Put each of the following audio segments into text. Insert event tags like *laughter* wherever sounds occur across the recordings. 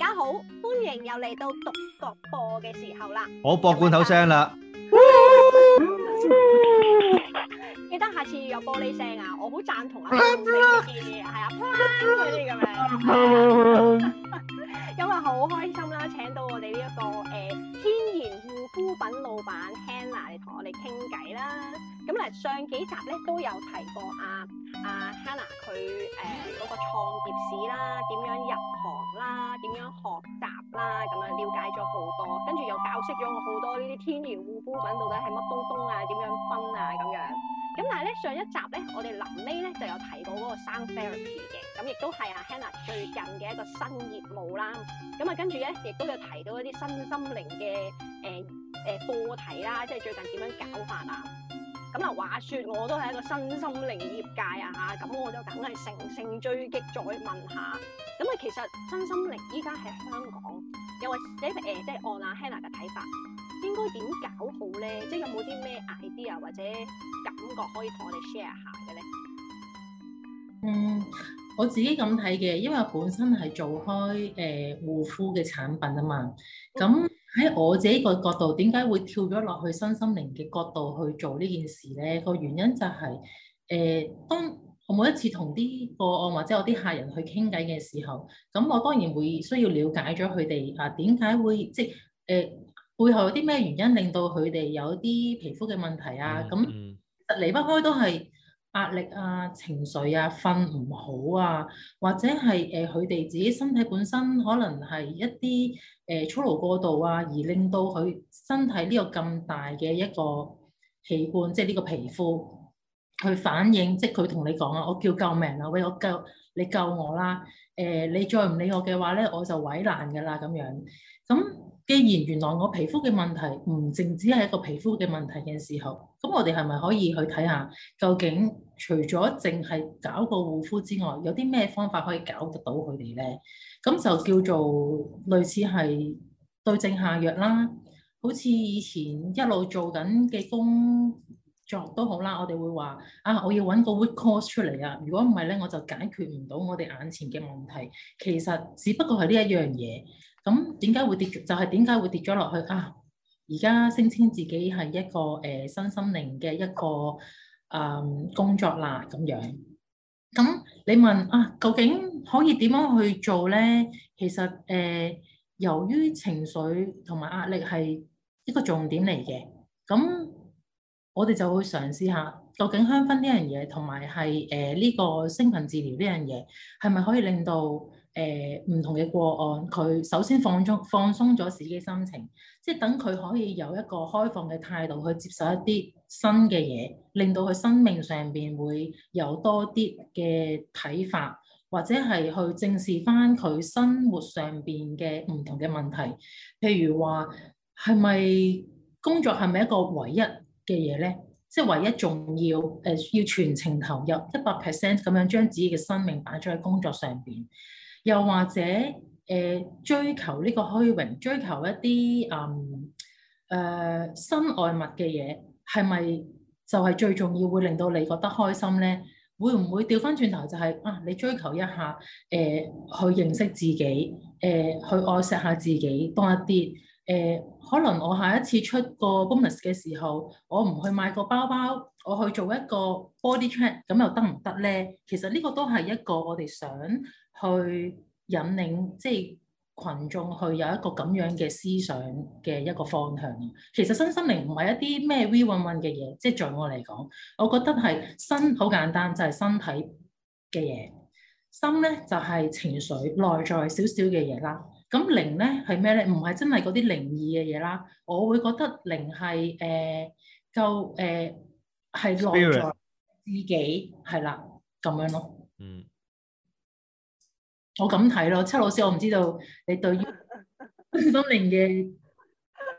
大家好，歡迎又嚟到獨角播嘅時候啦！我播罐頭聲啦，記得下次有玻璃聲啊！我好贊同啊，係啊，嗰啲咁樣，今日好開心啦，請到我哋呢一個誒天然護膚品老闆 Hana 嚟同我哋傾偈啦。咁嚟上幾集咧都有提過阿、啊、阿、啊、Hana 佢誒嗰個創業史啦，點樣入？啦，點樣學習啦，咁樣了解咗好多，跟住又教識咗我好多呢啲天然護膚品到底係乜東東啊，點樣分啊咁樣。咁但係咧上一集咧，我哋臨尾咧就有提過嗰個 sound therapy 嘅，咁亦都係啊 Hannah 最近嘅一個新業務啦。咁啊跟住咧，亦都有提到一啲新心靈嘅誒誒課題啦，即係最近點樣搞法啊？咁啊話說，我都係一個身心靈業界啊嚇，咁我就梗係乘勝追擊，再問下。咁啊，其實身心靈依家喺香港，又或者誒，即係按阿 Hana 嘅睇法，應該點搞好咧？即係有冇啲咩 idea 或者感覺可以同我哋 share 下嘅咧？嗯，我自己咁睇嘅，因為本身係做開誒、呃、護膚嘅產品啊嘛，咁。嗯喺我自己個角度，點解會跳咗落去身心靈嘅角度去做呢件事咧？個原因就係、是，誒、呃，當我每一次同啲個案或者我啲客人去傾偈嘅時候，咁我當然會需要了解咗佢哋啊點解會即係誒背後有啲咩原因令到佢哋有啲皮膚嘅問題啊？咁其實離不開都係，壓力啊，情緒啊，瞓唔好啊，或者係誒佢哋自己身體本身可能係一啲誒操勞過度啊，而令到佢身體呢個咁大嘅一個器官，即係呢個皮膚去反應，即係佢同你講啊，我叫救命啊，喂，我救你救我啦，誒、呃，你再唔理我嘅話咧，我就毀爛㗎喇咁樣。咁既然原來我皮膚嘅問題唔淨止係一個皮膚嘅問題嘅時候，咁我哋係咪可以去睇下究竟除咗淨係搞個護膚之外，有啲咩方法可以搞得到佢哋咧？咁就叫做類似係對症下藥啦。好似以前一路做緊嘅工作都好啦，我哋會話啊，我要揾個 root cause 出嚟啊。如果唔係咧，我就解決唔到我哋眼前嘅問題。其實只不過係呢一樣嘢。咁點解會跌？就係點解會跌咗落去啊？而家聲稱自己係一個誒身、呃、心靈嘅一個啊、呃、工作啦，咁樣。咁你問啊，究竟可以點樣去做咧？其實誒、呃，由於情緒同埋壓力係一個重點嚟嘅，咁我哋就會嘗試下，究竟香薰呢樣嘢同埋係誒呢個精神、呃這個、治療呢樣嘢，係咪可以令到？誒唔、呃、同嘅個案，佢首先放鬆放鬆咗自己心情，即係等佢可以有一個開放嘅態度去接受一啲新嘅嘢，令到佢生命上邊會有多啲嘅睇法，或者係去正視翻佢生活上邊嘅唔同嘅問題。譬如話係咪工作係咪一個唯一嘅嘢咧？即係唯一重要誒、呃，要全程投入一百 percent 咁樣將自己嘅生命擺咗喺工作上邊。又或者誒、呃、追求呢個虛榮，追求一啲誒身外物嘅嘢，係咪就係最重要會令到你覺得開心咧？會唔會調翻轉頭就係、是、啊？你追求一下誒、呃、去認識自己，誒、呃、去愛惜下自己多一啲誒、呃？可能我下一次出個 bonus 嘅時候，我唔去買個包包，我去做一個 body check，咁又得唔得咧？其實呢個都係一個我哋想。去引領，即係群眾去有一個咁樣嘅思想嘅一個方向。其實身心靈唔係一啲咩韻韻嘅嘢，即係在我嚟講，我覺得係身好簡單，就係、是、身體嘅嘢。心咧就係、是、情緒內在少少嘅嘢啦。咁靈咧係咩咧？唔係真係嗰啲靈異嘅嘢啦。我會覺得靈係誒、呃、夠誒係內在自己係啦咁樣咯。嗯。我咁睇咯，七老師，我唔知道你對於心靈嘅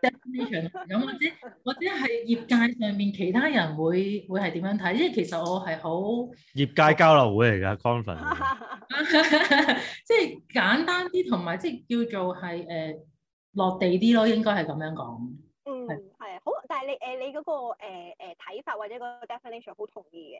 definition 咁，或者或者係業界上面其他人會會係點樣睇？因為其實我係好業界交流會嚟噶 conference 即係簡單啲，同埋即係叫做係誒、呃、落地啲咯，應該係咁樣講。你誒你嗰個誒睇、呃呃、法或者嗰個 definition 好同意嘅誒、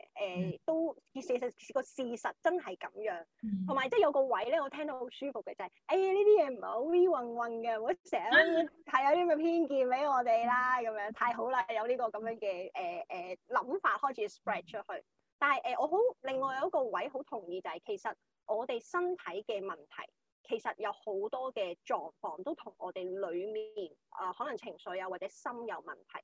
呃，都其實事實個事實真係咁樣，同埋即係有個位咧，我聽到好舒服嘅就係誒呢啲嘢唔係好冤運嘅，唔好成日係有啲咁嘅偏見俾我哋啦咁樣，太好啦！有呢個咁樣嘅誒誒諗法開始 spread 出去，但係誒、呃、我好另外有一個位好同意就係、是、其實我哋身體嘅問題其實有好多嘅狀況都同我哋裏面啊、呃、可能情緒啊或者心有問題。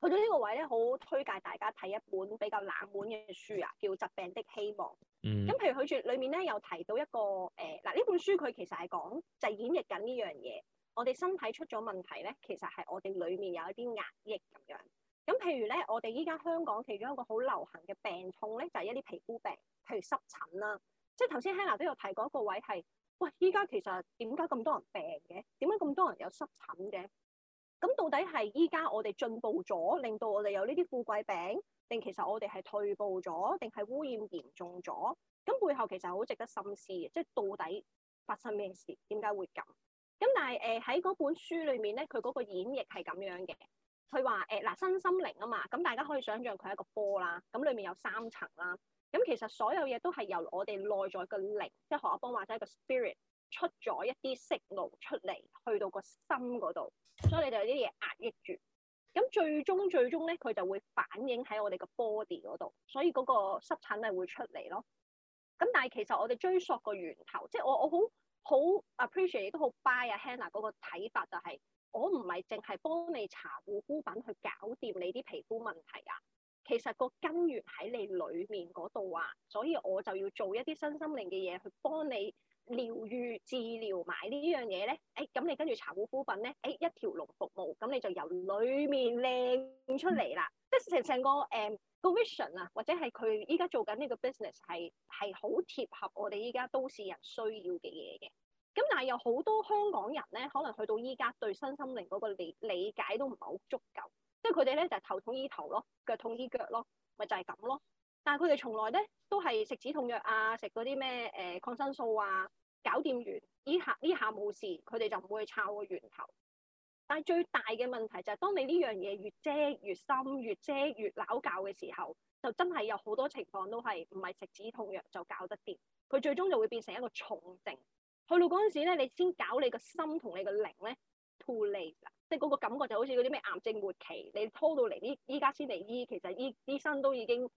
去到呢個位咧，好，好推介大家睇一本比較冷門嘅書啊，叫《疾病的希望》。嗯。咁譬如佢住裏面咧，有提到一個誒，嗱、呃、呢本書佢其實係講就係、是、演繹緊呢樣嘢，我哋身體出咗問題咧，其實係我哋裡面有一啲壓抑咁樣。咁譬如咧，我哋依家香港其中一個好流行嘅病痛咧，就係、是、一啲皮膚病，譬如濕疹啦。即係頭先 Hana 都有提嗰個位係，喂依家其實點解咁多人病嘅？點解咁多人有濕疹嘅？咁到底係依家我哋進步咗，令到我哋有呢啲富貴病，定其實我哋係退步咗，定係污染嚴重咗？咁背後其實好值得深思嘅，即係到底發生咩事，點解會咁？咁但係誒喺嗰本書裏面咧，佢嗰個演繹係咁樣嘅，佢話誒嗱身心靈啊嘛，咁大家可以想象佢係一個波啦，咁裏面有三層啦，咁其實所有嘢都係由我哋內在嘅靈，即係何亞邦或者一個 spirit。出咗一啲色怒出嚟，去到個心嗰度，所以你就有啲嘢壓抑住。咁最終最終咧，佢就會反映喺我哋個 body 嗰度，所以嗰個濕疹係會出嚟咯。咁但係其實我哋追溯個源頭，即係我我好好 appreciate 都好 buy 阿 Hannah 嗰個睇法，就是，就係我唔係淨係幫你搽護膚品去搞掂你啲皮膚問題啊，其實個根源喺你裏面嗰度啊，所以我就要做一啲身心靈嘅嘢去幫你。療愈治療買呢樣嘢咧，誒、哎、咁你跟住搽護膚品咧，誒、哎、一條龍服務，咁你就由裏面靚出嚟啦。即係成成個誒、嗯、vision 啊，或者係佢依家做緊呢個 business 係係好貼合我哋依家都市人需要嘅嘢嘅。咁但係有好多香港人咧，可能去到依家對身心靈嗰個理理解都唔係好足夠，即係佢哋咧就係、是、頭痛醫頭咯，腳痛醫腳咯，咪就係、是、咁咯。但係佢哋從來咧都係食止痛藥啊，食嗰啲咩誒抗生素啊，搞掂完呢下呢下冇事，佢哋就唔會去抄個源頭。但係最大嘅問題就係、是，當你呢樣嘢越遮越深、越遮越攪教嘅時候，就真係有好多情況都係唔係食止痛藥就搞得掂。佢最終就會變成一個重症，去到嗰陣時咧，你先搞你個心同你個靈咧，too late 啦，即係嗰個感覺就好似嗰啲咩癌症末期，你拖到嚟呢依家先嚟醫，其實醫醫生都已經。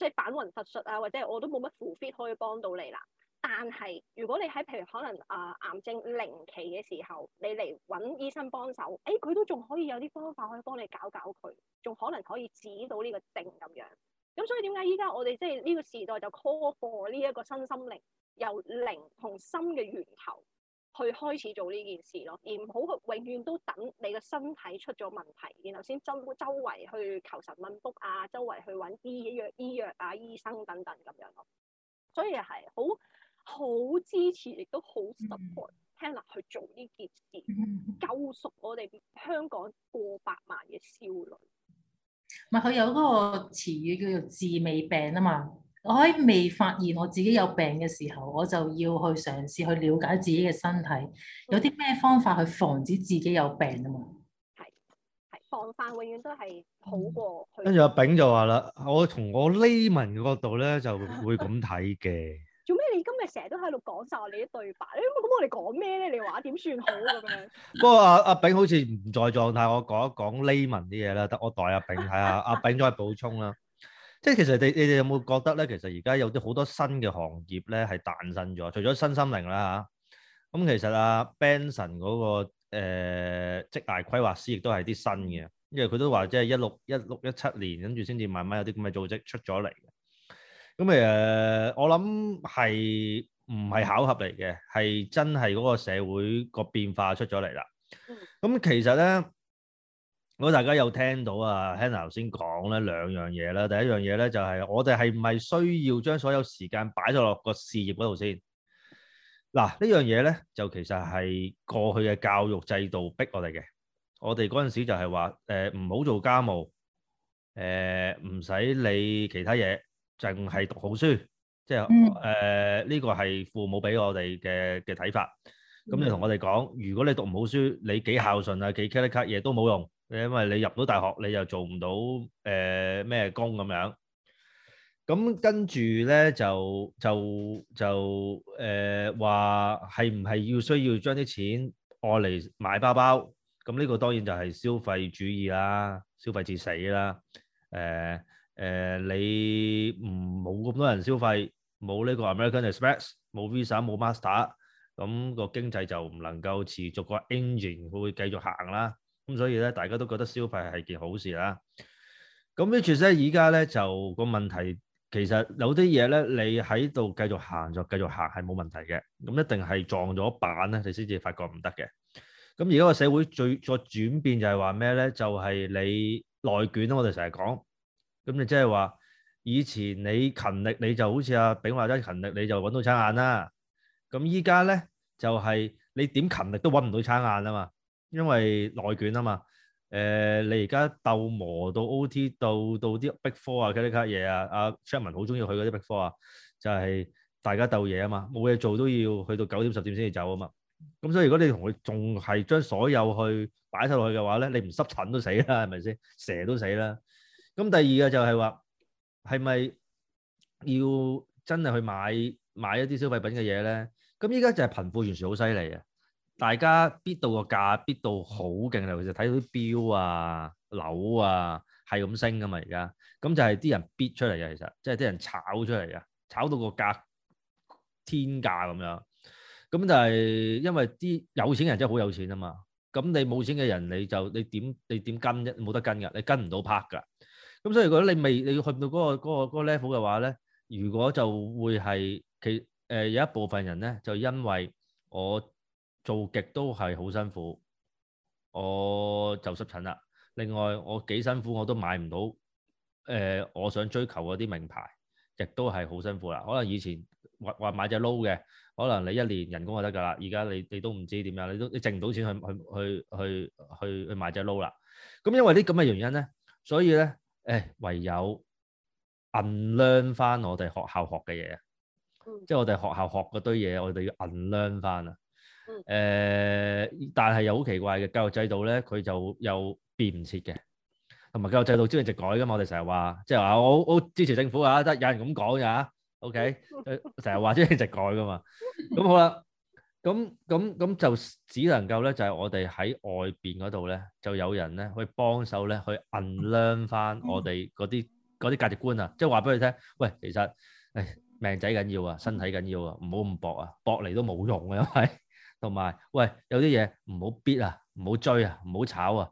即係反魂佛術啊，或者我都冇乜 f u 可以幫到你啦。但係如果你喺譬如可能啊、呃、癌症零期嘅時候，你嚟揾醫生幫手，誒、哎、佢都仲可以有啲方法可以幫你搞搞佢，仲可能可以指到呢個症咁樣。咁所以點解依家我哋即係呢個時代就 call for 呢一個身心靈由靈同心嘅源頭？去開始做呢件事咯，而唔好永遠都等你個身體出咗問題，然後先周周圍去求神問卜啊，周圍去揾醫藥醫藥啊，醫生等等咁樣咯。所以係好好支持，亦都好 support Hana 去做呢件事，嗯、救贖我哋香港過百萬嘅少女。唔係佢有嗰個詞語叫做治未病啊嘛。我喺未發現我自己有病嘅時候，我就要去嘗試去了解自己嘅身體，有啲咩方法去防止自己有病啊嘛？係，係防範永遠都係好過。跟住、嗯、阿炳就話啦，我從我 layman 嘅角度咧，就會咁睇嘅。 *laughs* 做咩？你今日成日都喺度講晒我哋啲對白，咁我哋講咩咧？你話點算好咁樣？ *laughs* 不過阿阿炳好似唔在狀態，我講一講 layman 啲嘢啦，得我代阿炳睇下， *laughs* 阿炳再補充啦。即係其實你你哋有冇覺得咧？其實而家有啲好多新嘅行業咧係誕生咗，除咗新心靈啦嚇，咁、啊、其實啊 Benson 嗰、那個誒職涯規劃師亦都係啲新嘅，因為佢都話即係一六一六一七年跟住先至慢慢有啲咁嘅組織出咗嚟。咁誒、呃，我諗係唔係巧合嚟嘅？係真係嗰個社會個變化出咗嚟啦。咁其實咧。我覺得大家有聽到啊，Hana 頭先講咧兩樣嘢啦。第一樣嘢咧就係我哋係咪需要將所有時間擺咗落個事業嗰度先？嗱，呢樣嘢咧就其實係過去嘅教育制度逼我哋嘅。我哋嗰陣時就係話誒唔好做家務，誒唔使理其他嘢，淨係讀好書。即係誒呢個係父母俾我哋嘅嘅睇法。咁你同我哋講，如果你讀唔好書，你幾孝順啊，幾 cardie card 嘢都冇用。因為你入到大學，你又做唔到誒咩工咁樣，咁跟住咧就就就誒話係唔係要需要將啲錢愛嚟買包包，咁呢個當然就係消費主義啦，消費至死啦。誒誒，你唔冇咁多人消費，冇呢個 American Express，冇 Visa，冇 Master，咁個經濟就唔能夠持續個 engine，會繼續行啦。咁所以咧，大家都覺得消費係件好事啦。咁 which 咧，而家咧就個問題，其實有啲嘢咧，你喺度繼續行就繼續行係冇問題嘅。咁、嗯、一定係撞咗板咧，你先至發覺唔得嘅。咁而家個社會最個轉變就係話咩咧？就係、是、你內卷啦，我哋成日講。咁你即係話，以前你勤力，你就好似阿炳華咧勤力，你就揾到餐眼啦。咁依家咧就係、是、你點勤力都揾唔到餐眼啊嘛。因為內卷啊嘛，誒、呃、你而家鬥磨到 OT，鬥鬥到到啲 Big Four 啊、卡卡嘢啊，阿 Charman 好中意去嗰啲 Big Four 啊，就係、是、大家鬥嘢啊嘛，冇嘢做都要去到九點十點先至走啊嘛。咁所以如果你同佢仲係將所有去擺晒落去嘅話咧，你唔濕疹都死啦，係咪先？蛇都死啦。咁第二個就係話，係咪要真係去買買一啲消費品嘅嘢咧？咁依家就係貧富懸殊好犀利啊！大家逼到個價逼到好勁啦！其實睇到啲表啊、樓啊係咁升噶嘛，而家咁就係啲人逼出嚟嘅，其實即係啲人炒出嚟嘅，炒到個價天價咁樣。咁就係因為啲有錢人真係好有錢啊嘛。咁你冇錢嘅人你，你就你點你點跟啫，冇得跟㗎，你跟唔到拍㗎。咁所以如果你未你要去到嗰個嗰個嗰個 level 嘅話咧，如果就會係其誒、呃、有一部分人咧就因為我。做極都係好辛苦，我就濕疹啦。另外我幾辛苦，我都買唔到誒，我想追求嗰啲名牌，亦都係好辛苦啦。可能以前話話買隻撈嘅，可能你一年人工就得噶啦。而家你你都唔知點樣，你都你剩唔到錢去去去去去去買隻撈啦。咁因為啲咁嘅原因咧，所以咧誒唯有 unlearn 翻我哋學校學嘅嘢，即係我哋學校學嗰堆嘢，我哋要 unlearn 翻啊。誒，但係又好奇怪嘅，教育制度咧佢就又變唔切嘅，同埋教育制度招人直改噶嘛，我哋成日話即係啊，我我好支持政府啊，得有人咁講咋，OK？誒，成日話招人直改噶嘛，咁好啦，咁咁咁就只能夠咧，就係我哋喺外邊嗰度咧，就有人咧去幫手咧去 unlearn 翻我哋嗰啲嗰啲價值觀啊，即係話俾佢聽，喂，其實誒命仔緊要啊，身體緊要啊，唔好咁搏啊，搏嚟都冇用啊，因為。同埋，喂，有啲嘢唔好 bid 啊，唔好追啊，唔好炒啊，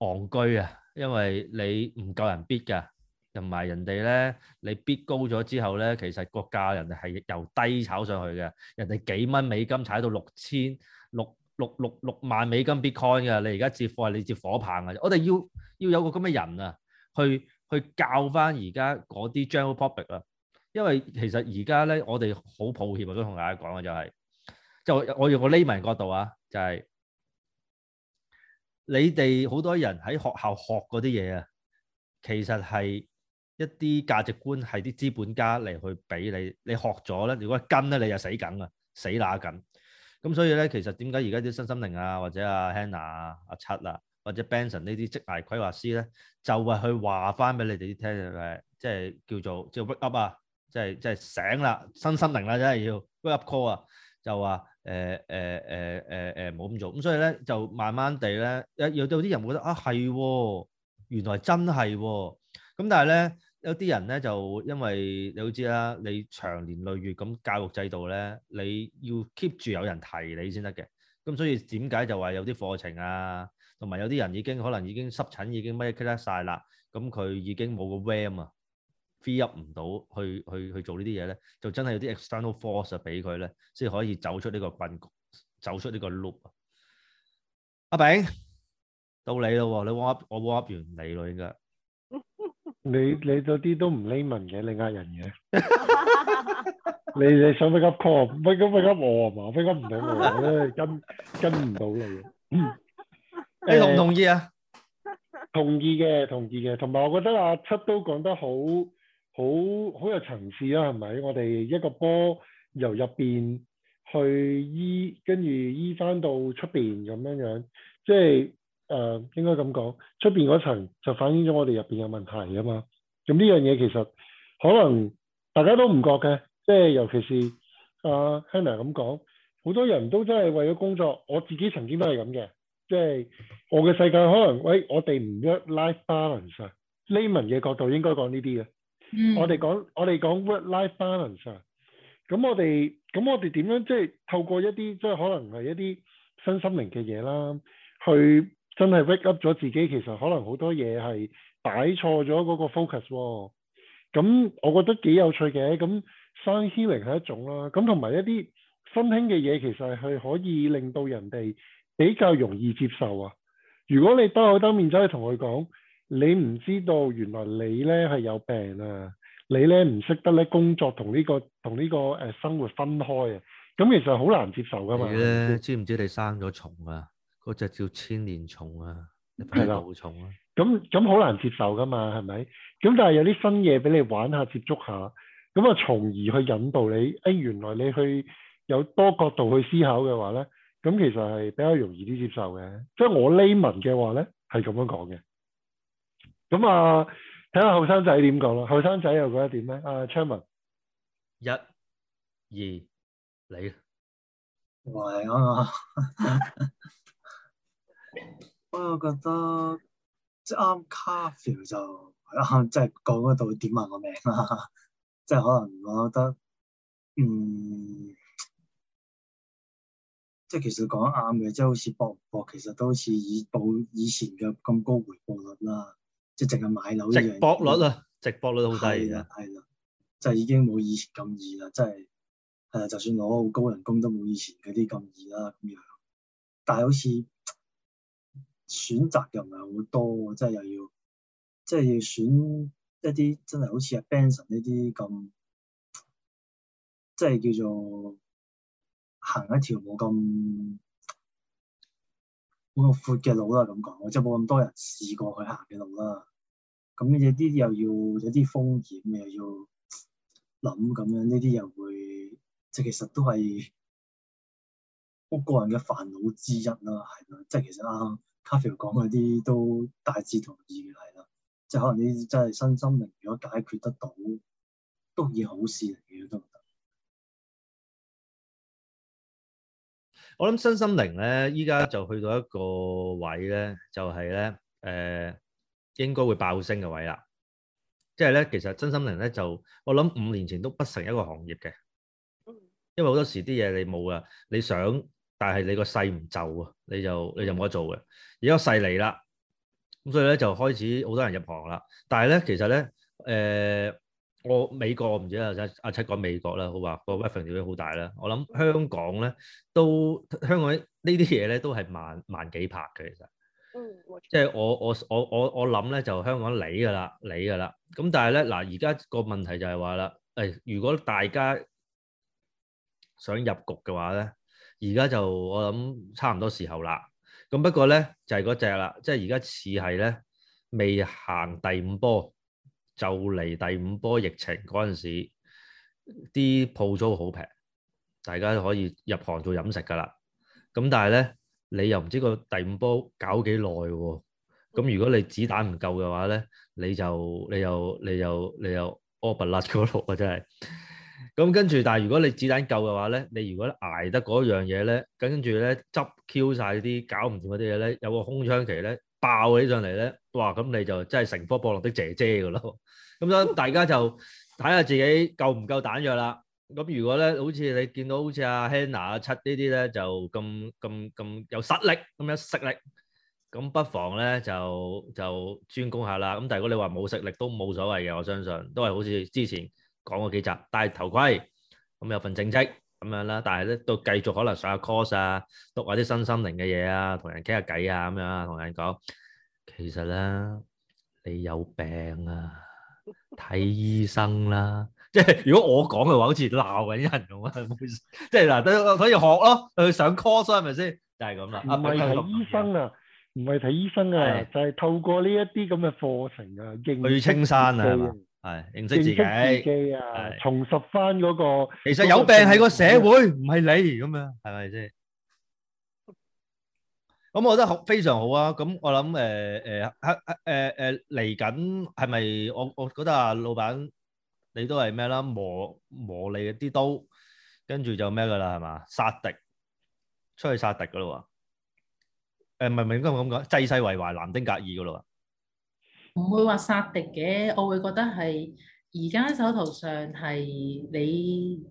戇居啊，因為你唔夠人 bid 噶，同埋人哋咧，你 bid 高咗之後咧，其實個價人哋係由低炒上去嘅，人哋幾蚊美金炒到六千六六六六萬美金 Bitcoin 嘅，你而家接貨係你接火棒啊！我哋要要有個咁嘅人啊，去去教翻而家嗰啲 general public 啦，因為其實而家咧，我哋好抱歉啊，都同大家講嘅就係。就我用個匿 a 角度啊，就係、是、你哋好多人喺學校學嗰啲嘢啊，其實係一啲價值觀係啲資本家嚟去俾你，你學咗咧，如果跟咧，你就死梗啊，死乸緊。咁所以咧，其實點解而家啲新心靈啊，或者阿 Hannah 啊、阿七啊，或者 Benson 呢啲職牌規劃師咧，就話、是、去話翻俾你哋聽誒，即、就、係、是、叫做即係 w a k up 啊，即係即係醒啦，新心靈啦，真係要 w a k up call 啊，就話。誒誒誒誒誒冇咁做咁，所以咧就慢慢地咧有有啲人覺得啊係，原來真係咁啊，但係咧有啲人咧就因為你好知啦，你長年累月咁教育制度咧，你要 keep 住有人提你先得嘅。咁所以點解就話有啲課程啊，同埋有啲人已經可能已經濕疹已經乜嘢記得晒啦，咁佢已經冇個 RAM 啊。feel 唔到去去去做呢啲嘢咧，就真係有啲 external force 俾佢咧，先可以走出呢個困局，走出呢個 loop 啊！阿炳，到你咯喎，你 up 我我 up 完你咯，應該。你你嗰啲都唔 lemon 嘅，你呃人嘅。你你想 backup，backup backup 我係嘛，backup 唔到我，跟跟唔到你。你同唔同意啊？同意嘅，同意嘅。同埋我覺得阿七都講得好。好好有層次啊，係咪？我哋一個波由入邊去醫，跟住醫翻到出邊咁樣樣，即係誒、呃、應該咁講，出邊嗰層就反映咗我哋入邊嘅問題啊嘛。咁呢樣嘢其實可能大家都唔覺嘅，即係尤其是阿 Hana 咁講，好、呃、多人都真係為咗工作，我自己曾經都係咁嘅，即係我嘅世界可能喂，我哋唔約 life balance，layman 啊，嘅角度應該講呢啲嘅。 *noise* 我哋講我哋講 work-life balance，咁、啊、我哋咁我哋點樣即係透過一啲即係可能係一啲身心靈嘅嘢啦，去真係 wake up 咗自己，其實可能好多嘢係擺錯咗嗰個 focus 喎、啊。咁我覺得幾有趣嘅，咁 sound healing 係一種啦，咁同埋一啲新興嘅嘢其實係可以令到人哋比較容易接受啊。如果你兜口兜面走去同佢講。你唔知道，原來你咧係有病啊！你咧唔識得咧工作同呢、呢個同呢個誒生活分開啊！咁其實好難接受噶嘛。係咧，知唔知你生咗蟲啊？嗰隻叫千年蟲啊，一啲毛蟲啊。咁咁好難接受噶嘛，係咪？咁但係有啲新嘢俾你玩下、接觸下，咁啊，從而去引導你誒、哎，原來你去有多角度去思考嘅話咧，咁其實係比較容易啲接受嘅。即係、嗯、我匿文嘅話咧，係咁樣講嘅。咁啊，睇下後生仔點講啦。後生仔又覺得點咧？啊，昌文，一、二，你，喂，我我，我覺得即啱 c a 就即係講嗰度點啊？個名啦。即係可能我覺得，嗯，即係其實講啱嘅，即係好似博唔博，其實都好似以到以前嘅咁高回報率啦。即係淨係買樓呢樣，直播率啊，直播率好低啦，係啦，就已經冇以前咁易啦，真係，誒，就算攞好高人工都冇以前嗰啲咁易啦咁樣。但係好似選擇又唔係好多，即係又要，即係要選一啲真係好似阿 Benson 呢啲咁，即係叫做行一條冇咁嗰個闊嘅路啦，咁講，即係冇咁多人試過去行嘅路啦、啊。咁呢啲又要有啲風險，又要諗咁樣，呢啲又會即係其實都係我個人嘅煩惱之一啦、啊。係咯，即係其實啱咖啡講嗰啲都大致同意嘅，係啦。即係可能呢啲真係身心靈如果解決得到，都係好事嚟嘅都。我諗身心靈咧，依家就去到一個位咧，就係、是、咧，誒、呃，應該會爆升嘅位啦。即係咧，其實身心靈咧就我諗五年前都不成一個行業嘅，因為好多時啲嘢，你冇啊，你想，但係你個勢唔就啊，你就你就冇得做嘅。而家勢嚟啦，咁所以咧就開始好多人入行啦。但係咧，其實咧，誒、呃。我美國唔知啦，阿、啊、七講美國啦，好話個 reference 點樣好大啦。我諗香港咧都香港呢啲嘢咧都係慢慢幾拍嘅其實，即係、嗯嗯、我我我我我諗咧就香港理㗎啦，理㗎啦。咁但係咧嗱，而家個問題就係話啦，誒、哎，如果大家想入局嘅話咧，而家就我諗差唔多時候啦。咁不過咧就係嗰隻啦，即係而家似係咧未行第五波。就嚟第五波疫情嗰陣時，啲鋪租好平，大家可以入行做飲食㗎喇。咁但係咧，你又唔知個第五波搞幾耐喎？咁如果你子彈唔夠嘅話咧，你就你又你又你又屙唔甩嗰度啊！真係。咁跟住，但係如果你子彈夠嘅話咧，你如果捱得嗰樣嘢咧，跟住咧執 Q 晒啲搞唔掂嗰啲嘢咧，有個空窗期咧。爆起上嚟咧，哇！咁你就真係成棵菠蘿的姐姐噶咯。咁 *laughs* 樣大家就睇下自己夠唔夠彈藥啦。咁如果咧，好似你見到好似阿 Hana、啊、七呢啲咧，就咁咁咁有實力，咁有實力，咁不妨咧就就專攻下啦。咁但係如果你話冇實力都冇所謂嘅，我相信都係好似之前講過幾集戴頭盔，咁有份正職。咁樣啦，但係咧都繼續可能上下 course 啊，讀下啲新心靈嘅嘢啊，同人傾下偈啊，咁樣啊，同人講其實咧，你有病啊，睇醫生啦。即係如果我講嘅話，好似鬧緊人咁啊，即係嗱，都可以學咯，去上 course 係咪先？就係咁啦，唔係睇醫生啊，唔係睇醫生啊，就係透過呢一啲咁嘅課程啊，去青山啊，係嘛？係認識自己啊，重拾翻嗰個。其實有病係個社會，唔係你咁樣，係咪先？咁我覺得好非常好啊！咁我諗誒誒誒誒，嚟緊係咪？我我覺得啊，老闆你都係咩啦？磨磨你啲刀，跟住就咩噶啦？係嘛，殺敵出去殺敵噶啦！誒，唔係唔係應該咁講，濟世為懷，南丁格爾噶啦！唔會話殺敵嘅，我會覺得係而家手頭上係你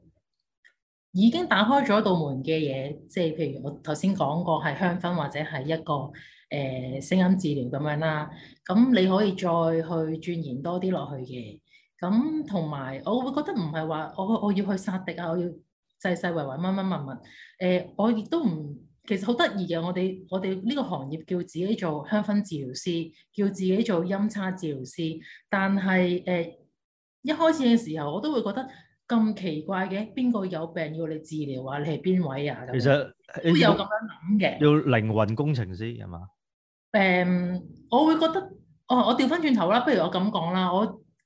已經打開咗一道門嘅嘢，即係譬如我頭先講過係香薰或者係一個誒聲音治療咁樣啦，咁你可以再去鑽研多啲落去嘅，咁同埋我會覺得唔係話我我要去殺敵啊，我要細細維維乜乜物物，誒我亦都。唔。其實好得意嘅，我哋我哋呢個行業叫自己做香薰治療師，叫自己做音叉治療師，但係誒、呃、一開始嘅時候，我都會覺得咁奇怪嘅，邊個有病要你治療啊？你係邊位呀？其實都會有咁樣諗嘅，要靈魂工程師係嘛？誒、呃，我會覺得哦，我調翻轉頭啦，不如我咁講啦，我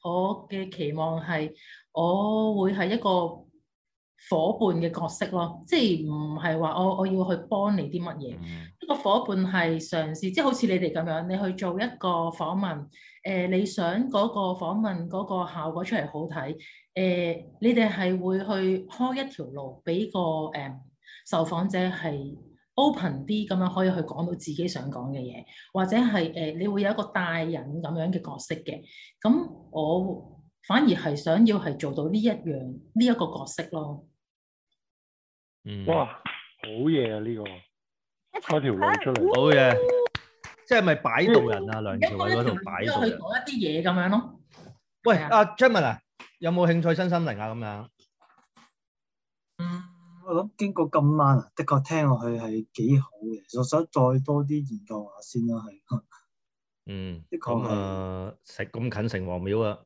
我嘅期望係，我會係一個。伙伴嘅角色咯，即係唔係話我我要去幫你啲乜嘢？一個伙伴係嘗試，即係好似你哋咁樣，你去做一個訪問，誒、呃、你想嗰個訪問嗰個效果出嚟好睇，誒、呃、你哋係會去開一條路俾個誒、呃、受訪者係 open 啲咁樣可以去講到自己想講嘅嘢，或者係誒、呃、你會有一個帶引咁樣嘅角色嘅，咁我。反而係想要係做到呢一樣呢一、這個角色咯。嗯，哇，好嘢啊呢、這個，一條路出嚟，好嘢棒，即係咪擺渡人啊？梁朝偉喺度擺渡人。即一啲嘢咁樣咯。喂、嗯，阿 Jam 啊，有冇興趣新森林啊？咁樣。嗯，我諗經過咁晚啊，的確聽落去係幾好嘅，我想再多啲研究下先啦、啊。係、嗯。嗯，的、嗯、確、嗯嗯嗯嗯、啊，食咁近城隍廟啊。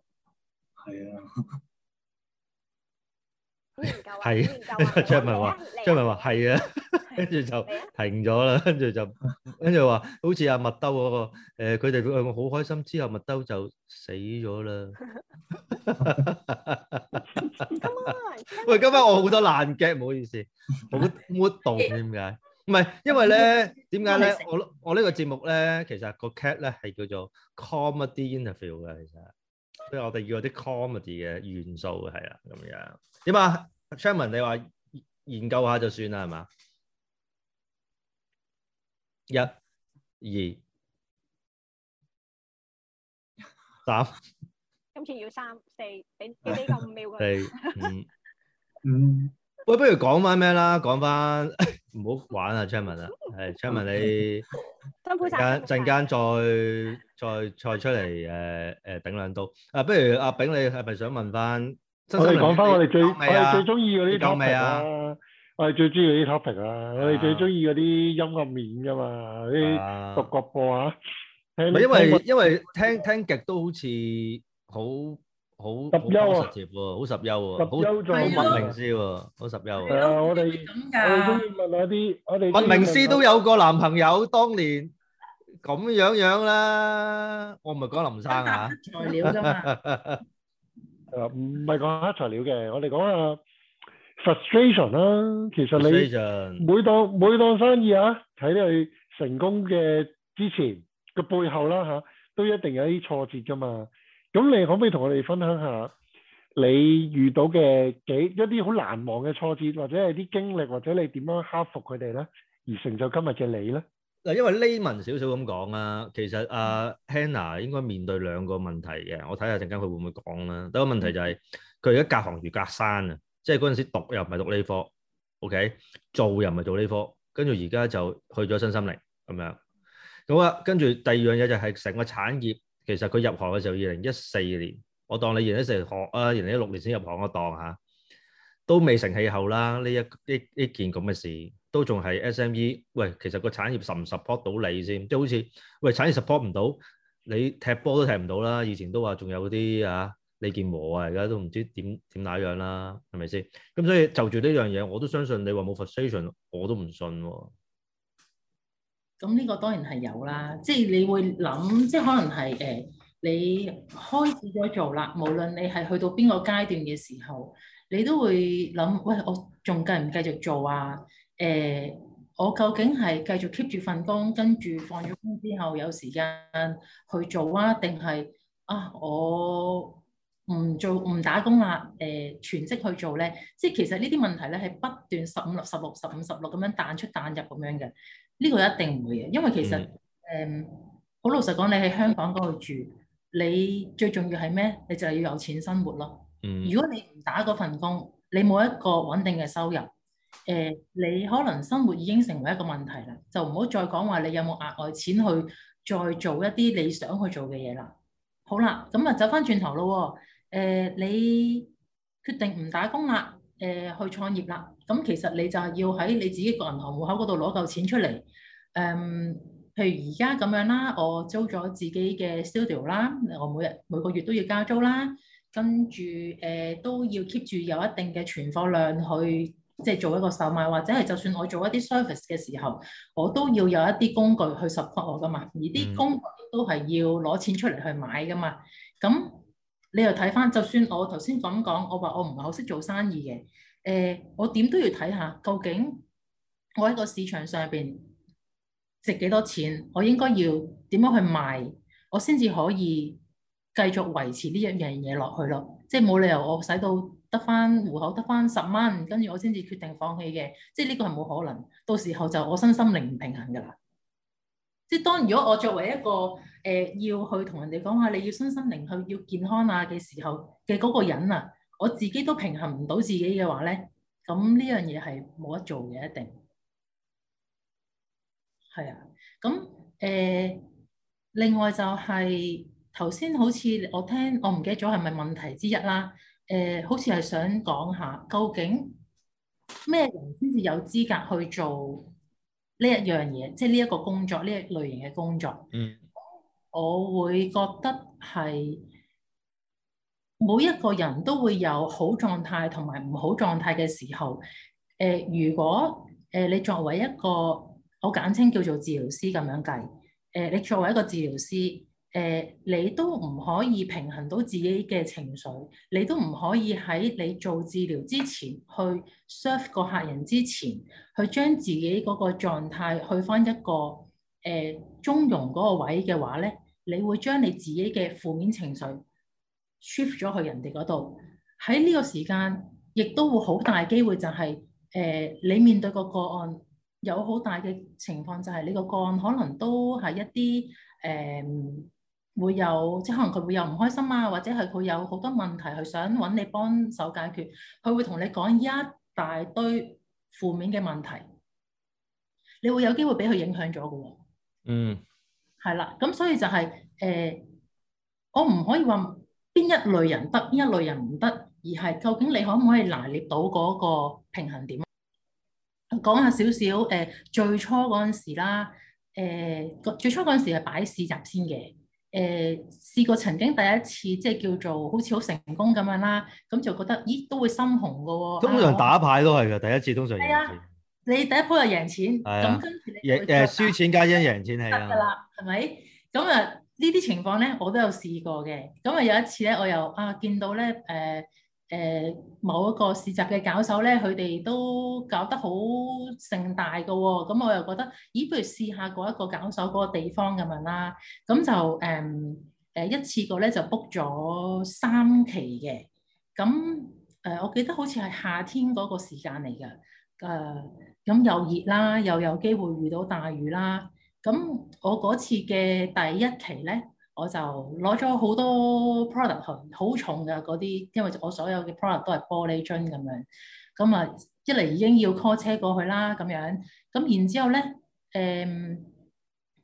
係啊，係啊，張文話，張文話係啊，跟住就停咗啦，跟住就，跟住話好似阿麥兜嗰個，誒，佢哋佢好開心，之後麥兜就死咗啦。喂，今晚我好多爛 gag，唔好意思，好沒動點解？唔係，因為咧，點解咧？我我呢個節目咧，其實個 cat 咧係叫做 comedy interview 嘅，其實。即係我哋要有啲 comedy 嘅元素，係啊，咁樣點啊？Chairman，你話研究下就算啦，係嘛？一、二、三，今次要三四，你俾啲咁 n 四五。 *laughs* 4, 5, 嗯。喂，不如講翻咩啦？講翻唔好玩啊，Charmen 啦，係 Charmen 你，陣間陣間再再再出嚟誒誒頂兩刀。啊，不如阿炳你係咪想問翻？真係講翻我哋最我哋最中意嗰啲 topic 啊！我哋最中意嗰啲 topic 啊！我哋最中意嗰啲音樂面㗎嘛，啲獨角播啊！係咪因為因為聽聽極都好似好。好，十優喎，好十優喎，好十優喎，好文名師喎，好十優。係啊，我哋咁噶。我好中意問下啲，我哋文名師都有個男朋友，當年咁樣樣啦。我唔係講林生啊，吓。材料啫嘛。唔係講黑材料嘅，我哋講下 frustration 啦。其實你每檔每檔生意啊，睇喺你成功嘅之前嘅背後啦，吓都一定有啲挫折噶嘛。咁你可唔可以同我哋分享下你遇到嘅幾一啲好難忘嘅挫折，或者係啲經歷，或者你點樣克服佢哋咧，而成就今日嘅你咧？嗱，因為呢文少少咁講啊，其實阿、uh, Hana 應該面對兩個問題嘅，我睇下陣間佢會唔會講啦、啊。第一個問題就係佢而家隔行如隔山啊，即係嗰陣時讀又唔係讀呢科，OK，做又唔係做呢科，跟住而家就去咗新心靈咁樣。咁啊，跟住第二樣嘢就係成個產業。其實佢入行嘅時候，二零一四年，我當你二零一四年學啊，二零一六年先入行我當嚇、啊，都未成氣候啦。呢一呢呢件咁嘅事都仲係 SME。喂，其實個產業 support 到你先，即係好似喂產業 support 唔到，你踢波都踢唔到啦。以前都話仲有啲啊，呢件磨啊，而家都唔知點點那樣啦，係咪先？咁所以就住呢樣嘢，我都相信你話冇 frustration，我都唔信喎、啊。咁呢個當然係有啦，即係你會諗，即係可能係誒、呃、你開始咗做啦，無論你係去到邊個階段嘅時候，你都會諗，喂，我仲繼唔繼續做啊？誒、呃，我究竟係繼續 keep 住份工，跟住放咗工之後有時間去做啊，定係啊，我唔做唔打工啦？誒、呃，全職去做咧？即係其實呢啲問題咧係不斷十五六、十六十五十六咁樣彈出彈入咁樣嘅。呢個一定唔會嘅，因為其實誒好、嗯嗯、老實講，你喺香港嗰度住，你最重要係咩？你就係要有錢生活咯。嗯、如果你唔打嗰份工，你冇一個穩定嘅收入，誒、呃、你可能生活已經成為一個問題啦，就唔好再講話你有冇額外錢去再做一啲你想去做嘅嘢啦。好啦，咁啊走翻轉頭咯，誒、呃、你決定唔打工啦，誒、呃、去創業啦。咁其實你就係要喺你自己個銀行戶口嗰度攞夠錢出嚟，誒、嗯，譬如而家咁樣啦，我租咗自己嘅 studio 啦，我每日每個月都要加租啦，跟住誒、呃、都要 keep 住有一定嘅存貨量去，即係做一個售賣，或者係就算我做一啲 service 嘅時候，我都要有一啲工具去 support 我噶嘛，而啲工具都係要攞錢出嚟去買噶嘛，咁你又睇翻，就算我頭先咁講，我話我唔係好識做生意嘅。誒、呃，我點都要睇下，究竟我喺個市場上面值幾多錢？我應該要點樣去賣，我先至可以繼續維持呢一樣嘢落去咯。即係冇理由我使到得翻戶口得翻十蚊，跟住我先至決定放棄嘅。即係呢個係冇可能。到時候就我身心靈唔平衡噶啦。即係當如果我作為一個誒、呃，要去同人哋講下你要身心靈去要健康啊嘅時候嘅嗰個人啊。我自己都平衡唔到自己嘅話咧，咁呢樣嘢係冇得做嘅，一定。係啊，咁誒、呃，另外就係頭先好似我聽，我唔記得咗係咪問題之一啦。誒、呃，好似係想講下究竟咩人先至有資格去做呢一樣嘢，即係呢一個工作，呢一類型嘅工作。嗯。我會覺得係。每一個人都會有好狀態同埋唔好狀態嘅時候，誒、呃，如果誒、呃、你作為一個，我簡稱叫做治療師咁樣計，誒、呃，你作為一個治療師，誒、呃，你都唔可以平衡到自己嘅情緒，你都唔可以喺你做治療之前，去 serve 個客人之前，去將自己嗰個狀態去返一個誒、呃、中庸嗰個位嘅話咧，你會將你自己嘅負面情緒 shift 咗去人哋嗰度，喺呢個時間亦都會好大機會就係，誒，你面對個個案有好大嘅情況就係你個個案可能都係一啲，誒，會有即係可能佢會有唔開心啊，或者係佢有好多問題佢想揾你幫手解決，佢會同你講一大堆負面嘅問題，你會有機會俾佢影響咗㗎喎。嗯，係啦，咁所以就係，誒，我唔可以話。邊一類人得，邊一類人唔得，而係究竟你可唔可以拿捏到嗰個平衡點？講下少少誒，最初嗰陣時啦，誒、呃、最初嗰陣時係擺市集先嘅，誒、呃、試過曾經第一次即係叫做好似好成功咁樣啦，咁就覺得咦都會心紅嘅喎。通常打牌都係㗎，第一次通常贏錢係啊、哎，你第一鋪又贏錢，咁、哎、呀跟住誒輸錢加一贏，贏錢係啦，係咪？咁啊～呢啲情況咧，我都有試過嘅。咁啊，有一次咧，我又啊見到咧，誒、呃、誒、呃、某一個市集嘅搞手咧，佢哋都搞得好盛大噶喎、哦。咁我又覺得，咦？不如試下嗰一個搞手嗰個地方咁樣啦。咁就誒誒、嗯呃、一次過咧，就 book 咗三期嘅。咁誒、呃，我記得好似係夏天嗰個時間嚟噶。誒、呃、咁又熱啦，又有機會遇到大雨啦。咁我嗰次嘅第一期咧，我就攞咗好多 product 去，好重噶嗰啲，因為我所有嘅 product 都係玻璃樽咁樣。咁啊，一嚟已經要 call 車過去啦咁樣。咁然之後咧，誒、嗯、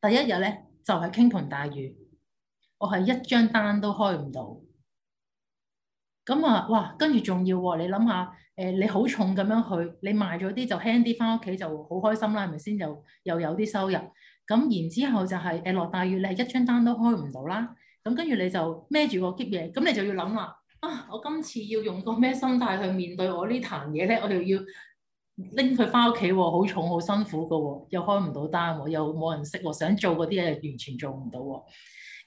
第一日咧就係、是、傾盆大雨，我係一張單都開唔到。咁啊，哇！跟住仲要喎，你諗下，誒你好重咁樣去，你賣咗啲就輕啲，翻屋企就好開心啦，係咪先？又又有啲收入。咁然之後就係、是，誒落大雨你係一張單都開唔到啦。咁跟住你就孭住個喼嘢，咁你就要諗啦。啊，我今次要用個咩心態去面對我呢壇嘢咧？我哋要拎佢翻屋企喎，好、哦、重好辛苦嘅喎、哦，又開唔到單喎、哦，又冇人識喎、哦，想做嗰啲嘢完全做唔到喎。哦。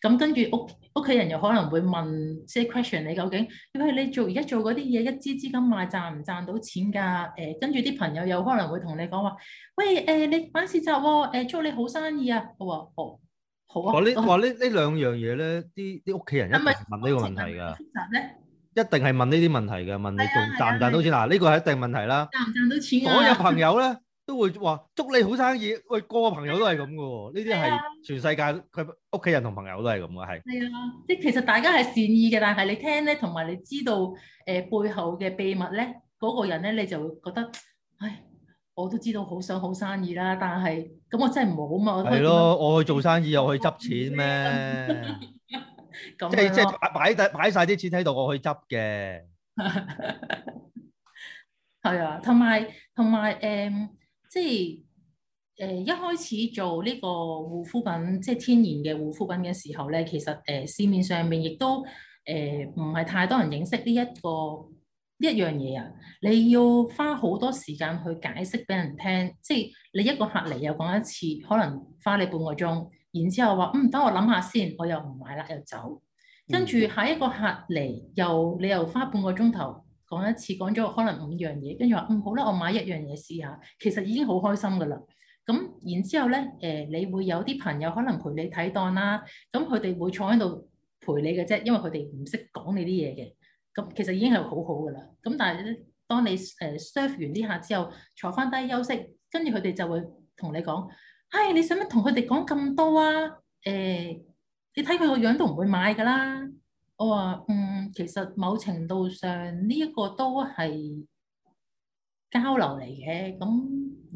咁跟住屋屋企人又可能會問即 question 你究竟，因為你做而家做嗰啲嘢一支資金賣賺唔賺到錢㗎、啊？誒、呃，跟住啲朋友有可能會同你講話，喂誒、呃，你玩市集喎、哦，誒、呃、做你好生意啊，我話好、哦，好啊。話呢話呢呢兩樣嘢咧，啲啲屋企人一定係問呢個問題㗎。市集咧，賺賺啊、一定係問呢啲問題㗎，問你賺唔賺到錢、啊？嗱，呢個係一定問題啦。賺唔賺到錢？我有朋友咧。都會話祝你好生意，喂個個朋友都係咁嘅喎，呢啲係全世界佢屋企人同朋友都係咁嘅，係。係啊，即係其實大家係善意嘅，但係你聽咧，同埋你知道誒、呃、背後嘅秘密咧，嗰、那個人咧你就會覺得，唉、哎，我都知道好想好生意啦，但係咁我真係唔好啊嘛，係咯，我去做生意又去執錢咩？即係即係擺擺晒擺啲錢喺度，我去執嘅。係啊 *laughs* 樣的、就是，同埋同埋誒。 *laughs* 即係誒、呃、一開始做呢個護膚品，即係天然嘅護膚品嘅時候咧，其實誒、呃、市面上面亦都誒唔係太多人認識呢一個一樣嘢啊，你要花好多時間去解釋俾人聽，即係你一個客嚟又講一次，可能花你半個鐘，然之後話嗯，等我諗下先，我又唔買啦，又走，跟住下一個客嚟又你又花半個鐘頭。講一次講咗可能五樣嘢，跟住話嗯，好啦，我買一樣嘢試下，其實已經好開心噶啦。咁然之後咧，誒、呃、你會有啲朋友可能陪你睇檔啦，咁佢哋會坐喺度陪你嘅啫，因為佢哋唔識講你啲嘢嘅。咁其實已經係好好噶啦。咁但係咧，當你誒 serve、呃、完呢下之後，坐翻低休息，跟住佢哋就會同你講：唉、哎，你使乜同佢哋講咁多啊？誒、呃，你睇佢個樣都唔會買噶啦。我話嗯，其實某程度上呢一個都係交流嚟嘅。咁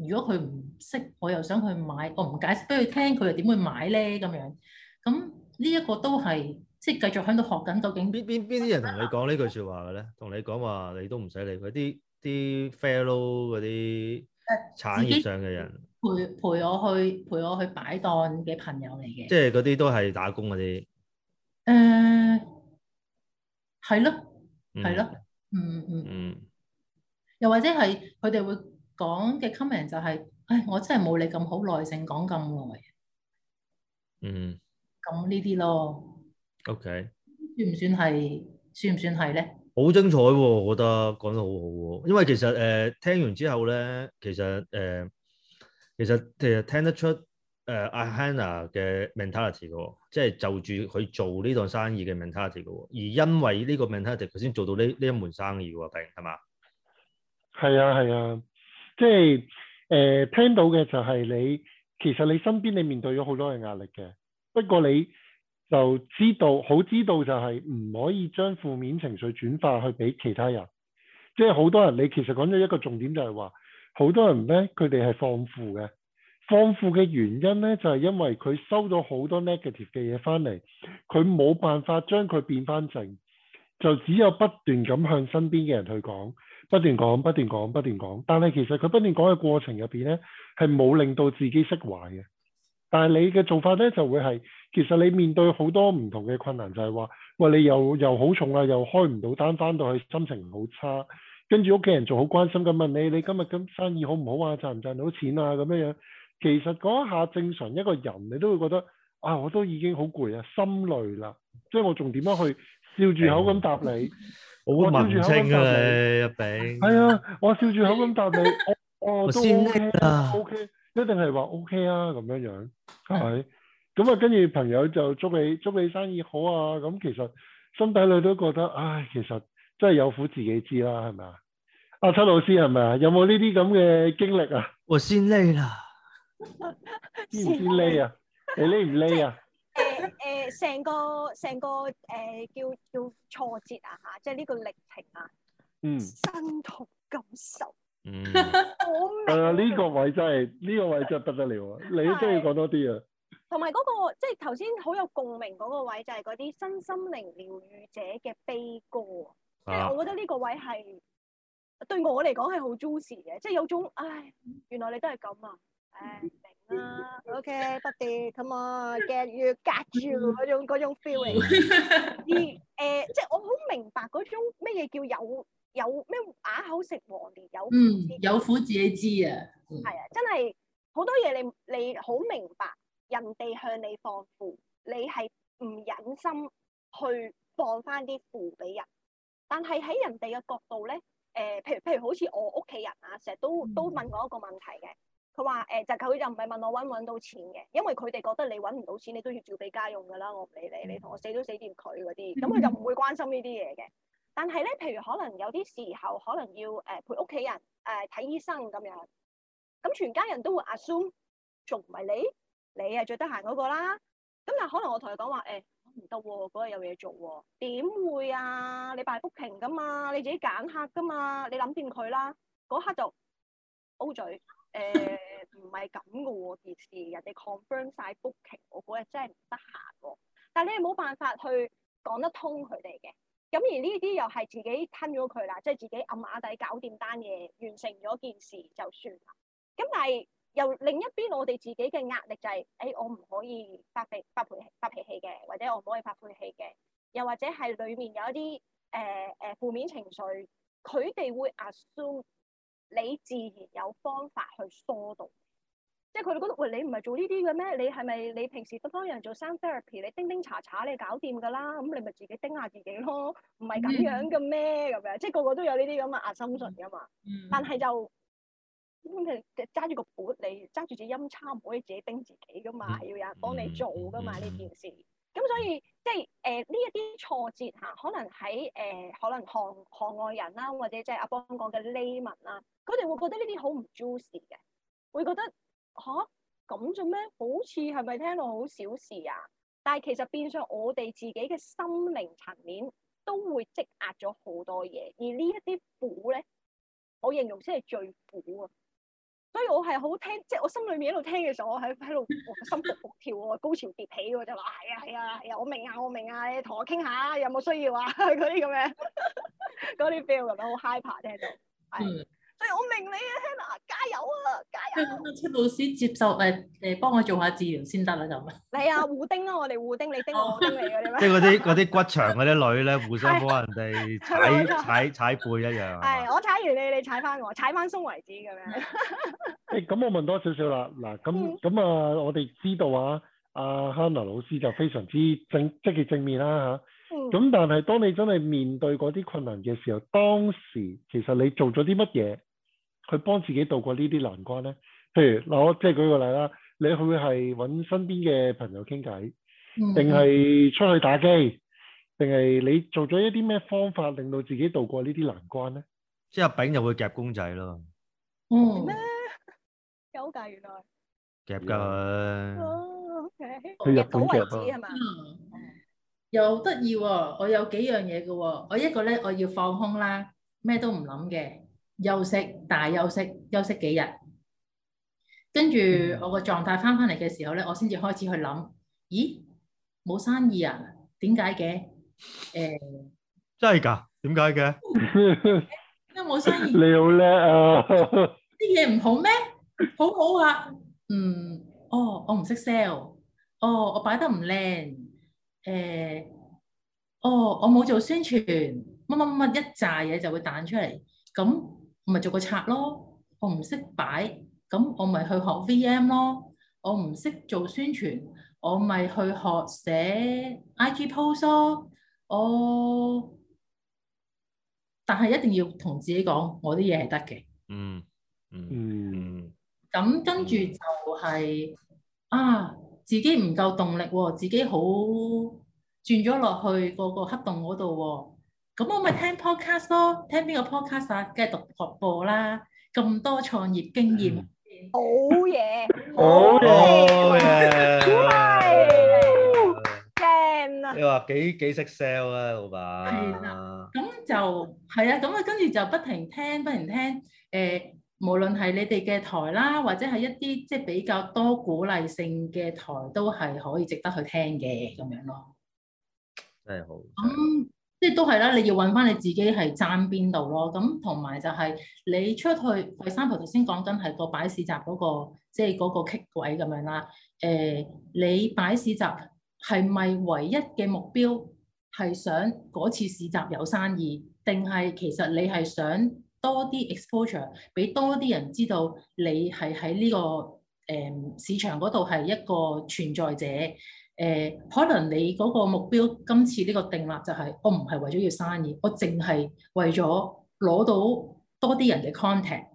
如果佢唔識，我又想去買，我唔解釋俾佢聽，佢又點會買咧？咁樣咁呢一個都係即係繼續喺度學緊。究竟邊邊邊啲人同你講呢句說話嘅咧？同你講話你都唔使理佢，啲啲 fellow 嗰啲產業上嘅人陪陪我去陪我去擺檔嘅朋友嚟嘅，即係嗰啲都係打工嗰啲。嗯。係咯，係咯、嗯嗯，嗯嗯嗯，又或者係佢哋會講嘅 comment 就係、是，唉，我真係冇你咁好耐性講咁耐，嗯，咁呢啲咯，OK，算唔算係？算唔算係咧？好精彩喎、啊！我覺得講得好好、啊、喎，因為其實誒、呃、聽完之後咧，其實誒其實其實聽得出誒阿 Hana 嘅 mentality 個。即係就住佢做呢檔生意嘅 mentality 嘅，而因為呢個 mentality 佢先做到呢呢一門生意嘅喎，係嘛？係啊係啊，即係誒、呃、聽到嘅就係你，其實你身邊你面對咗好多嘅壓力嘅，不過你就知道好知道就係唔可以將負面情緒轉化去俾其他人，即係好多人你其實講咗一個重點就係話，好多人咧佢哋係放負嘅。放負嘅原因咧，就係因為佢收咗好多 negative 嘅嘢翻嚟，佢冇辦法將佢變翻正，就只有不斷咁向身邊嘅人去講，不斷講、不斷講、不斷講。但係其實佢不斷講嘅過程入邊咧，係冇令到自己釋懷嘅。但係你嘅做法咧就會係，其實你面對好多唔同嘅困難，就係話，喂，你又又好重啊，又開唔到單，翻到去心情好差，跟住屋企人仲好關心咁問你，你今日咁生意好唔好啊？賺唔賺到錢啊？咁樣樣。其實嗰一下，正常一個人你都會覺得啊，我都已經好攰啊，心累啦，即係我仲點樣去笑住口咁答你？我、嗯、笑住口咁答你，阿炳。係啊，我笑住口咁答你，我我、 *laughs* 哦哦、都 OK 啦、啊，OK 一定係話 OK 啊咁樣樣，係咁啊，跟住是朋友就祝你祝你生意好啊！咁其實心底裏都覺得唉、哎，其實真係有苦自己知啦，係咪啊？阿秋老師係咪啊？有冇呢啲咁嘅經歷啊？我先累啦。 *laughs* 知唔知匿啊？你匿唔匿啊？誒、呃、誒，成、呃、個成個誒叫叫挫折啊吓，即係呢個歷程啊，嗯，身同感受，嗯， *laughs* 我誒呢、啊這個位真係呢個位真係不得了 *laughs* 啊！你都要講多啲啊。同埋嗰個即係頭先好有共鳴嗰個位，就係嗰啲身心靈療癒者嘅悲歌，即係、啊、我覺得呢個位係對我嚟講係好 juicy 嘅，即、就、係、是、有種唉，原來你都係咁啊！誒明啦。OK 不跌，Come on get you get you 嗰 *laughs* 種嗰種 feeling 而誒、呃，即係我好明白嗰種咩嘢？叫有有咩啞口食黃連有、嗯、有苦自己知啊，係、嗯、啊，真係好多嘢，你你好明白，人哋向你放負，你係唔忍心去放翻啲負俾人，但係喺人哋嘅角度咧，誒、呃，譬如譬如好似我屋企人啊，成日都、嗯、都問我一個問題嘅。佢話誒就佢就唔係問我揾唔揾到錢嘅，因為佢哋覺得你揾唔到錢，你都要照俾家用㗎啦。我唔理你，你同我死都死掂佢嗰啲，咁佢就唔會關心呢啲嘢嘅。但係咧，譬如可能有啲時候，可能要誒、呃、陪屋企人誒睇、呃、醫生咁樣，咁全家人都會 assume 仲唔係你，你係最得閒嗰個啦。咁但可能我同佢講話誒唔得喎，嗰、欸、日、哦、有嘢做喎、哦，點會啊？你拜 booking 㗎嘛，你自己揀客㗎嘛，你諗掂佢啦。嗰刻就 O 嘴。誒唔係咁噶喎，而、 *laughs* 呃、件事人哋 confirm 晒 booking，我嗰日真係唔得閒喎。但係你係冇辦法去講得通佢哋嘅。咁而呢啲又係自己吞咗佢啦，即係自己暗啞底搞掂單嘢，完成咗件事就算啦。咁但係由另一邊，我哋自己嘅壓力就係、是，誒、欸、我唔可以發脾發脾發脾氣嘅，或者我唔可以發脾氣嘅。又或者係裡面有一啲誒誒負面情緒，佢哋會 assume。你自然有方法去疏導，即係佢哋覺得喂，你唔係做呢啲嘅咩？你係咪你平時得幫人做 sound therapy，你叮叮查查你搞掂噶啦？咁、嗯、你咪自己叮下自己咯，唔係咁樣嘅咩？咁樣、嗯、即係個個都有呢啲咁嘅阿心術噶嘛。但係就咁佢揸住個撥，你揸住自己音叉，唔可以自己叮自己噶嘛，係要有人幫你做噶嘛呢件事。咁所以即係誒呢一啲挫折吓，可能喺誒、呃、可能行行外人啦、啊，或者即係阿邦講嘅 layman 啦。佢哋會覺得呢啲好唔 juicy 嘅，會覺得嚇咁、啊、做咩？好似係咪聽落好小事啊？但係其實變相我哋自己嘅心靈層面都會積壓咗好多嘢，而呢一啲苦咧，我形容先係最苦啊！所以我係好聽，即係我心裏面喺度聽嘅時候，我喺喺度心突突跳喎、啊， *laughs* 高潮迭起、啊就哎呀哎、呀我就話係啊係啊，我明啊我明啊，你同我傾下有冇需要啊？嗰啲咁樣嗰啲 feel 咁樣好 hyper 聽到，係。 *laughs* 所以我明你啊，Hannah，加油啊，加油！咁啊，老師接受，誒誒，幫我做下治療先得啦，就咩？你啊，互丁啦，我哋互丁，你丁我丁你即係嗰啲啲骨長嗰啲女咧，互相幫人哋踩 *laughs* 踩踩，踩背一樣。係， *laughs* 我踩完你，你踩翻我，踩翻鬆為止咁樣。誒、 *laughs* 欸，咁、嗯、我問多少少啦，嗱，咁咁啊，嗯、 *laughs* 我哋知道啊，阿、啊、Hannah 老師就非常之正積極正面啦。咁但係當你真係面對嗰啲困難嘅時候，當時其實你做咗啲乜嘢去幫自己度過呢啲難關咧？譬如嗱，我即係舉個例啦，你去係搵身邊嘅朋友傾偈，定係出去打機，定係你做咗一啲咩方法令到自己度過呢啲難關咧？即係阿炳就會夾公仔咯。嗯。咩？有㗎原來夾噶。去日本夾公仔嘛？又得意喎！我有幾樣嘢嘅喎，我一個咧，我要放空啦，咩都唔諗嘅，休息大休息，休息幾日，跟住我個狀態翻翻嚟嘅時候咧，我先至開始去諗，咦，冇生意啊？點解嘅？誒，真係㗎？點解嘅？因為冇生意。你好叻啊！啲嘢唔好咩？好好啊，嗯，哦，我唔識 sell，哦，我擺得唔靚。誒、欸，哦，我冇做宣傳，乜乜乜一扎嘢就會彈出嚟，咁我咪做個插咯，我唔識擺，咁我咪去學 VM 咯，我唔識做宣傳，我咪去學寫 IG post 咯，我、哦，但係一定要同自己講，我啲嘢係得嘅，嗯嗯，咁、嗯、跟住就係、是、啊。自己唔夠動力喎，自己好轉咗落去嗰個黑洞嗰度喎。咁我咪聽 podcast 咯，聽邊個 podcast 啊？梗係獨角播啦，咁多創業經驗，好嘢，好嘢，係正啦。你話幾幾識 sell 啊，老闆？係啦，咁就係啊，咁啊，跟住就不停聽，不停聽，誒。無論係你哋嘅台啦，或者係一啲即係比較多鼓勵性嘅台，都係可以值得去聽嘅咁樣咯。真係好。咁、 *noise* 嗯、即係都係啦，你要揾翻你自己係爭邊度咯。咁同埋就係你出去第三鋪頭先講緊係個擺市集嗰、那個，即係嗰個傾位咁樣啦。誒、呃，你擺市集係咪唯一嘅目標係想嗰次市集有生意，定係其實你係想？多啲 exposure，俾多啲人知道你係喺呢個誒、呃、市場嗰度係一個存在者。誒、呃，可能你嗰個目標今次呢個定立就係、是，我唔係為咗要生意，我淨係為咗攞到多啲人嘅 contact，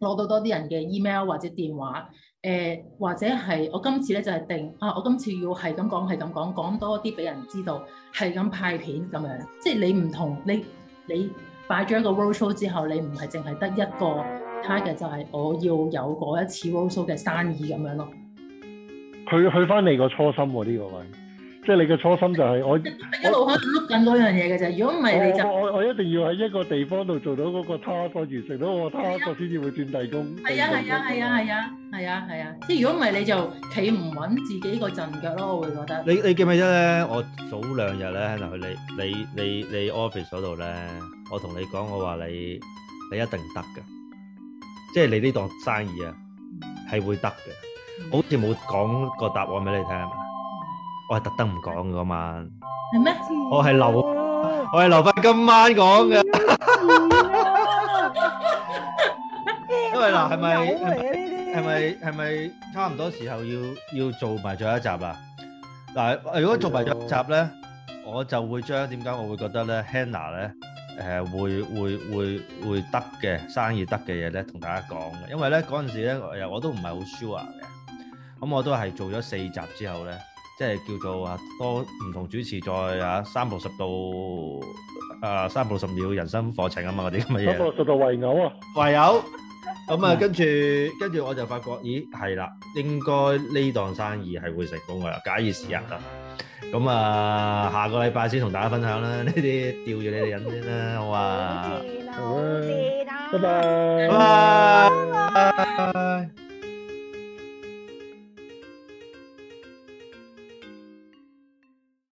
攞到多啲人嘅 email 或者電話。誒、呃，或者係我今次咧就係定啊，我今次要係咁講係咁講，講多啲俾人知道，係咁派片咁樣。即係你唔同你你。你擺咗個 road show 之後，你唔係淨係得一個 target，就係、是、我要有嗰一次 road show 嘅生意咁樣咯。佢去翻你個初心喎、啊，呢、這個位。即係你嘅初心就係我，一路喺度碌緊嗰樣嘢嘅啫。如果唔係你就我我我一定要喺一個地方度做到嗰個他多元，成到我他先至會轉第二工。係啊係啊係啊係啊係啊係啊！即係如果唔係你就企唔穩自己個陣腳咯。我會覺得你你記唔記得咧？我早兩日咧喺度去你你你你 office 嗰度咧，我同你講，我話你你一定得㗎，即係你呢檔生意啊係會得嘅。我好似冇講個答案俾你聽啊？我係特登唔講嗰晚，係咩？我係留，我係留翻今晚講嘅。因為嗱，係咪係咪係咪差唔多時候要要做埋最後一集啦？嗱，如果做埋咗一集咧，我就會將點解我會覺得咧，Hana 咧，誒，會會會會得嘅生意得嘅嘢咧，同大家講嘅。因為咧嗰陣時咧，又我都唔係好 sure 嘅。咁我都係做咗四集之後咧。即係叫做啊，多唔同主持在啊三六十度啊三六十秒人生課程啊嘛，嗰啲咁嘅嘢。三六十度圍毆啊，圍毆。咁啊，跟住跟住我就發覺，咦係啦，應該呢檔生意係會成功嘅啦。假以時日啦，咁啊，下個禮拜先同大家分享啦。呢啲吊住你哋癮先啦，好啊。拜拜。